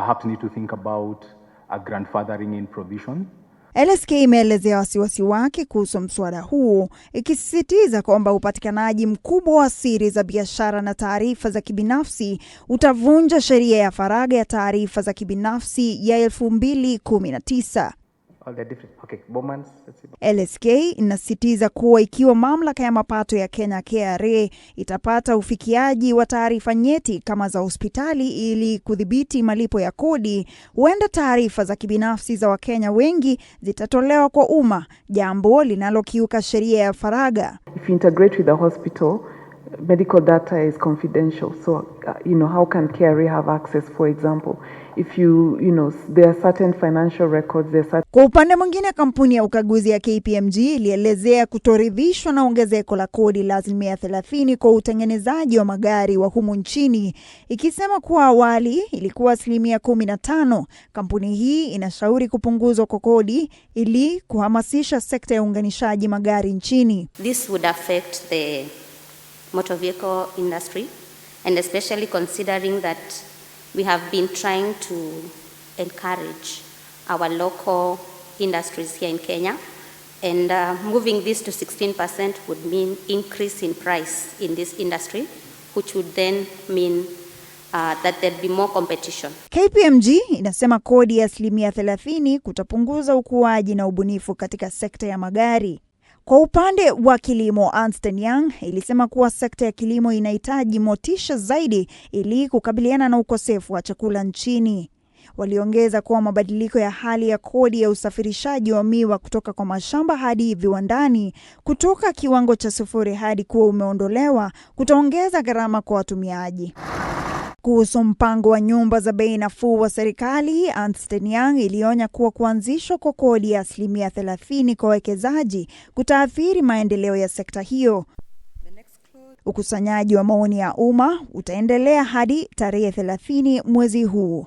perhaps need to think about a grandfathering in provision. LSK imeelezea wasiwasi wake kuhusu mswada huu ikisisitiza kwamba upatikanaji mkubwa wa siri za biashara na taarifa za kibinafsi utavunja sheria ya faraga ya taarifa za kibinafsi ya 2019. LSK inasisitiza kuwa ikiwa mamlaka ya mapato ya Kenya KRA itapata ufikiaji wa taarifa nyeti kama za hospitali ili kudhibiti malipo ya kodi, huenda taarifa za kibinafsi za Wakenya wengi zitatolewa kwa umma, jambo linalokiuka sheria ya faraga If you medical data is confidential. So, uh, you know, how can KRA have access, for example, if you, you know, there are certain financial records, there are certain... Kwa upande mwingine, kampuni ya ukaguzi ya KPMG ilielezea kutoridhishwa na ongezeko la kodi la asilimia thelathini kwa utengenezaji wa magari wa humu nchini, ikisema kuwa awali ilikuwa asilimia kumi na tano. Kampuni hii inashauri kupunguzwa kwa kodi ili kuhamasisha sekta ya uunganishaji magari nchini. This would affect the motor vehicle industry, and especially considering that we have been trying to encourage our local industries here in Kenya. And uh, moving this to 16% would mean increase in price in this industry, which would then mean Uh, that there'd be more competition. KPMG inasema kodi ya asilimia 30 kutapunguza ukuaji na ubunifu katika sekta ya magari. Kwa upande wa kilimo, Anston Young ilisema kuwa sekta ya kilimo inahitaji motisha zaidi ili kukabiliana na ukosefu wa chakula nchini. Waliongeza kuwa mabadiliko ya hali ya kodi ya usafirishaji wa miwa kutoka kwa mashamba hadi viwandani kutoka kiwango cha sufuri hadi kuwa umeondolewa kutaongeza gharama kwa watumiaji. Kuhusu mpango wa nyumba za bei nafuu wa serikali, Ernst Young ilionya kuwa kuanzishwa kwa kodi ya asilimia 30 kwa wawekezaji kutaathiri maendeleo ya sekta hiyo. Ukusanyaji wa maoni ya umma utaendelea hadi tarehe 30 mwezi huu.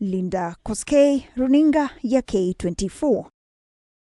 Linda Koskey, runinga ya K24.